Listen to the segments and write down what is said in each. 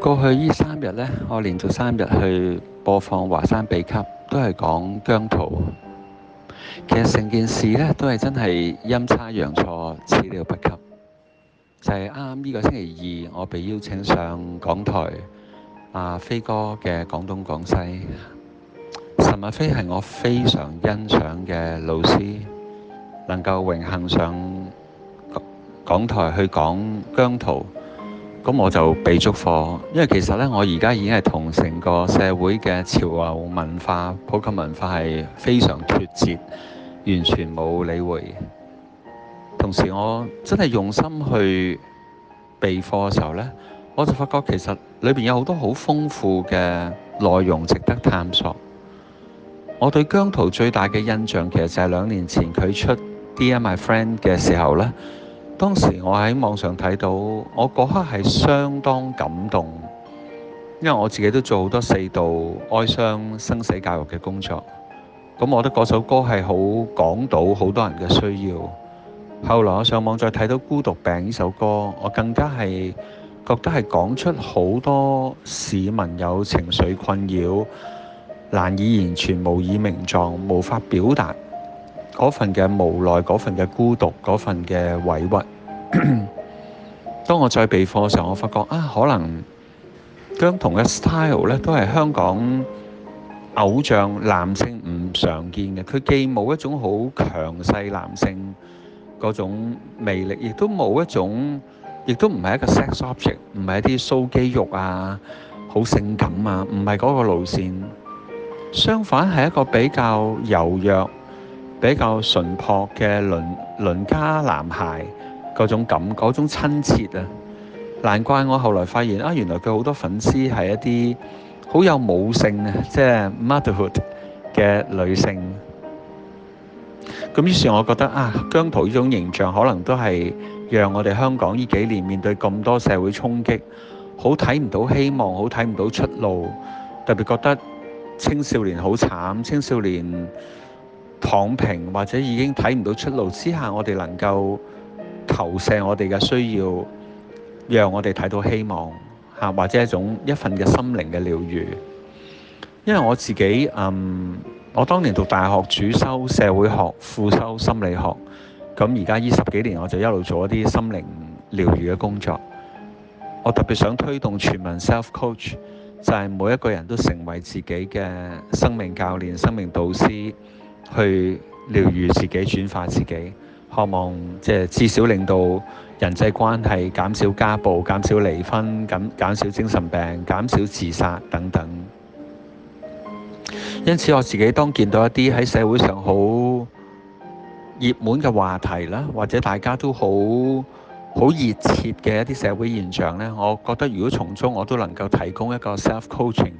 過去呢三日呢，我連續三日去播放華山秘笈，都係講姜濤。其實成件事呢，都係真係陰差陽錯，始料不及。就係啱啱呢個星期二，我被邀請上港台阿飛、啊、哥嘅廣東廣西。陳日飛係我非常欣賞嘅老師，能夠榮幸上港台去講姜濤。咁我就備足課，因為其實咧，我而家已經係同成個社會嘅潮流文化、普及文化係非常脱節，完全冇理會。同時，我真係用心去備課嘅時候呢，我就發覺其實裏邊有好多好豐富嘅內容值得探索。我對姜濤最大嘅印象，其實就係兩年前佢出 Dear My Friend 嘅時候呢。當時我喺網上睇到，我嗰刻係相當感動，因為我自己都做好多四度哀傷、生死教育嘅工作，噉我覺得嗰首歌係好講到好多人嘅需要。後來我上網再睇到《孤獨病》呢首歌，我更加係覺得係講出好多市民有情緒困擾，難以言傳、無以名狀、無法表達。嗰份嘅無奈，嗰份嘅孤獨，嗰份嘅委屈。當我再備課嘅時候，我發覺啊，可能姜濤嘅 style 咧都係香港偶像男性唔常見嘅。佢既冇一種好強勢男性嗰種魅力，亦都冇一種，亦都唔係一個 sex object，唔係一啲 show 肌肉啊，好性感啊，唔係嗰個路線。相反係一個比較柔弱，比較淳樸嘅鄰鄰家男孩嗰種感覺，嗰種親切啊！難怪我後來發現啊，原來佢好多粉絲係一啲好有母性啊，即係 motherhood 嘅女性。咁於是，我覺得啊，姜濤呢種形象可能都係讓我哋香港呢幾年面對咁多社會衝擊，好睇唔到希望，好睇唔到出路，特別覺得青少年好慘，青少年。躺平，或者已經睇唔到出路之下，我哋能夠投射我哋嘅需要，讓我哋睇到希望吓，或者一種一份嘅心靈嘅療愈。因為我自己嗯，我當年讀大學主修社會學，副修心理學。咁而家呢十幾年，我就一路做一啲心靈療愈嘅工作。我特別想推動全民 self coach，就係每一個人都成為自己嘅生命教練、生命導師。去療愈自己、轉化自己，渴望即係至少令到人際關係減少家暴、減少離婚、減減少精神病、減少自殺等等。因此，我自己當見到一啲喺社會上好熱門嘅話題啦，或者大家都好好熱切嘅一啲社會現象咧，我覺得如果從中我都能夠提供一個 self coaching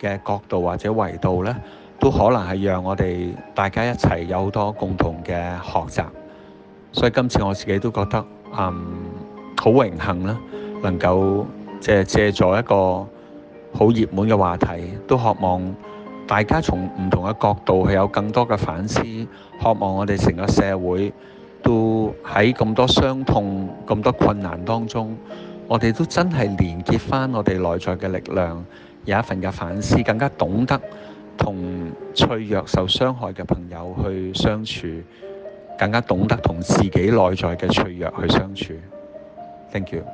嘅角度或者維度咧，都可能係讓我哋大家一齊有好多共同嘅學習，所以今次我自己都覺得嗯，好榮幸啦，能夠借，借助一個好熱門嘅話題，都渴望大家從唔同嘅角度去有更多嘅反思，渴望我哋成個社會都喺咁多傷痛、咁多困難當中，我哋都真係連結翻我哋內在嘅力量，有一份嘅反思，更加懂得。同脆弱、受傷害嘅朋友去相處，更加懂得同自己內在嘅脆弱去相處。Thank you。